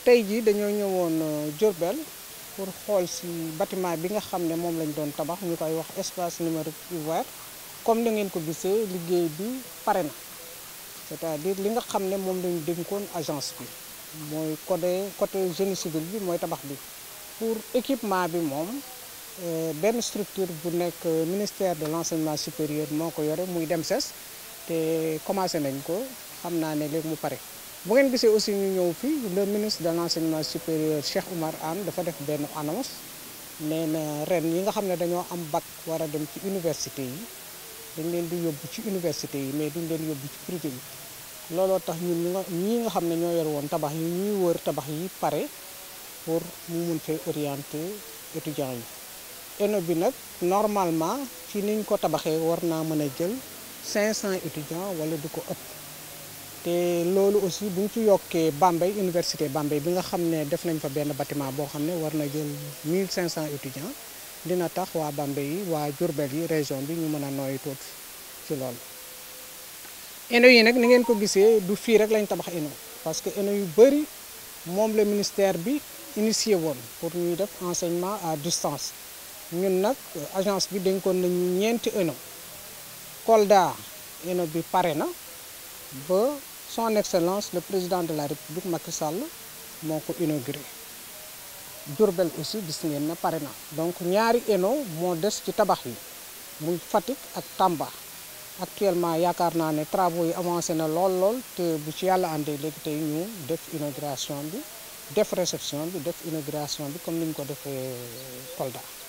tay ji dañu ñëwoon jorbel euh, pour xol ci bâtiment bi nga xamne mom lañ doon tabax ñu koy wax espace numéro ouvert comme ni ngeen ko gissé liggéey bi paré na c'est-à-dire li nga xamne mom moom lañ dénkoon agence bi moy côté côté génie civil bi moy tabax bi pour équipement bi mom euh, ben structure bu nek ministère de l'enseignement supérieur moko yoré yore muy DEMSES té commencé nañ ko xamna né légui mu paré bu ngeen gisee aussi ñu ñëw fii le ministre de l' enseignement supérieur Cheikh Oumar Anne dafa def benn annonce nee na ren yi nga xam ne dañoo am bac war a dem ci université yi dañ leen di yóbbu ci université yi mais duñ leen yóbbu ci privé yi looloo tax ñun ñi nga xam ne ñoo yor woon tabax yi ñuy wër tabax yi pare pour ñu mun fee orienter étudiants yi ENO bi nag normalement ci niñ ko tabaxee war naa mën a jël 500 étudiants wala du ko ëpp te loolu aussi bu ñu Bambey université Bambey bi nga xamné def nañ fa ben bâtiment bo xamné ne war na jël 1500 étudiants dina tax wa Bambey wa waa Diourbel yi région bi ñu mëna a tout ci lool ENO yi nag ni ngeen ko gisee du fi rek lañ tabax ENO parce que ENO yu bëri moom la ministère bi initié woon pour ñuy def enseignement à distance ñun nak euh, agence bi ko nañu ñent ENO Kolda ENO bi paré na ba son excellence le président de la république Macky Sall inauguré Durbel aussi gis ngeen pas pare donc ñaari eno nous des ci tabax yi muy à ak Tamba actuellement Yakarna a des travaux yi avancé na l'ol, lool te bu ci yàlla àndee léegi tey ñu def inauguration bi réception def comme nous avons fait